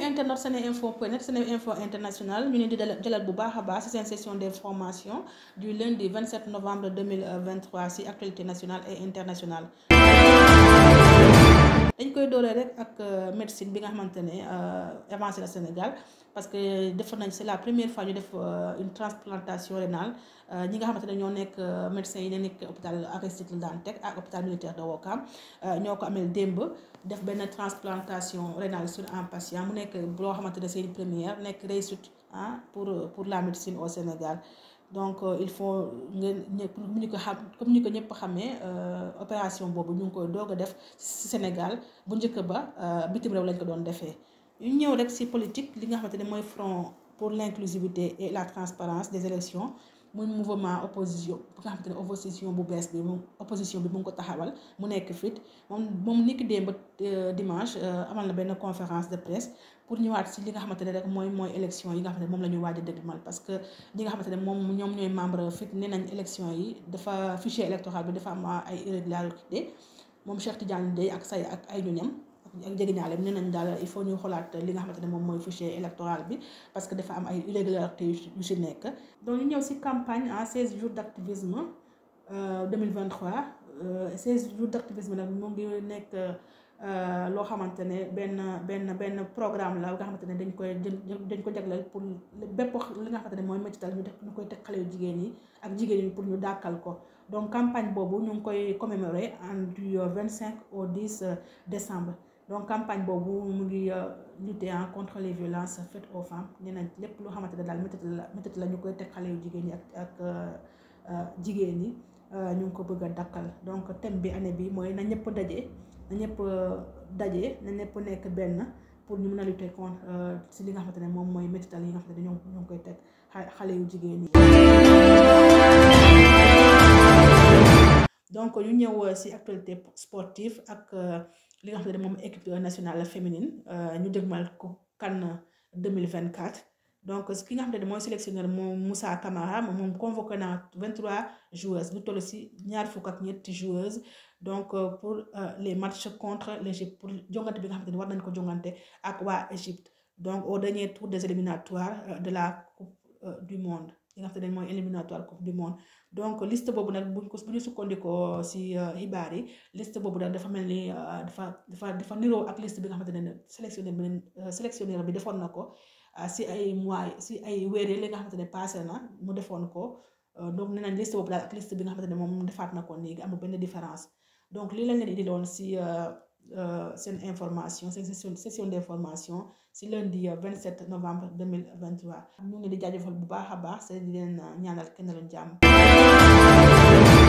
mbokki sene seneinfo point net seneinfo international ñu leen di dalal bu baax a baax ci seen session d'information du lundi 27 novembre 2023 ci actualité nationale et internationale dañ koy dooree rek ak euh, médecine bi nga xamante ne euh, avancé na Sénégal parce que def nañ c'est la première fois ñu def euh, une transplantation rénale ñi nga xamante ne ñoo nekk médecins yi ne nekk hôpital Aristide Le Dantec ak hôpital militaire de Ouakam ñoo ko amee démb def benn transplantation rénale sur un patient mu nekk loo xamante ne c'est une première nekk réussite ah pour pour la médecine au Sénégal donc euh, il faut ngeen comme ni ko xam comme ni ko ñëpp xamee euh, opération boobu ñu ngi koy doog a def ci Sénégal bu njëkk ba euh, bitim réew lañ ko doon defee. ñu ñëw rek ci politique li nga xamante ne mooy front pour l'inclusivité et la transparence des élections muy mouvement opposition bu nga xamante ne opposition bu bees bi moom opposition bi mu ngi ko taxawal mu nekk fit moom moom niki démb euh, dimanche euh, amal na benn conférence de presse pour ñëwaat si li nga xamante ne rek mooy mooy élection yi nga xamante ne moom la ñu waaj de dëgmal parce que ñi nga xamante ne moom ñoom ñooy membre fit nee nañ élection yi dafa fichier électoral bi dafa am ay irrégularité moom Cheikh Tidiane Dièye ak say ak ay nem ak jegeñaale nañ daal il faut ñuy xoolaat li nga xamante ne moom mooy fichier électoral bi parce que dafa am ay irrégularités yu ci nekk. donc ñu ñëw ci campagne ah, en 16 jours d' activisme 2023 16 jours d' activisme nag mu ngi nekk. Euh, loo xamante ne benn benn benn programme la nga xamante ne dañ koy dañ ko jagleel pour bépp li nga xamante ne mooy métital ñu def ñu koy teg xale yu jigéen yi ak jigéen yi pour ñu dàkkal ko donc campagne boobu ñu ngi koy commémorer en du cinq au 10 euh, décembre donc campagne boobu mu ngi euh, lutter contre les violences faites aux femmes nee nañ lépp loo xamante ne daal métit la métit la ñu koy teg xale yu jigéen ñi ak ak euh, euh, jigéen ñi ñu ngi ko bëgg a dakkal donc thème bi année bi mooy na ñëpp daje na ñëpp daje na nekk benn pour ñu mën a lutter contre si li nga xamante ne moom mooy métital yi nga xamante ne ñoo ngi koy teg xale yu jigéen ñi. donc ñu ñëw si actualité sportive ak. li nga xam ne moom équipe nationale féminine euh, ñu dégmal ko vingt 2024 donc ki nga xam ne mooy sélectionneur moom Moussa Camara moom convoqué na 23 joueuses bu toll si ñaar fukk ak ñetti joueuses donc euh, pour euh, les matchs contre l'Égypte pour jongante bi nga xam ne war nañ ko jongante ak waa Égypte donc au dernier tour des éliminatoires de la coupe du monde. li nga xam ne mooy éliminatoire coupe du monde donc liste boobu nag buñ ko bu ñu sukkandikoo si euh, xibaar yi liste boobu nag dafa mel ni euh, dafa dafa dafa niroo ak liste bi nga xamante ne sélectionneur bi euh, sélectionneur bi defoon na ko si ay mois si ay weer li nga ne passé na mu defoon ko donc nee nañ liste boobu daal ak liste bi nga xamante ne moom defaat na ko nii amul benn différence donc lii lañ leen di indiloon si. Euh, seen information seen session session d'information si lundi 27 euh, novembre 2023 ñu ngi di jaajëfal bu baax a baax seen di leen euh, ñaanal kenn leen jàmm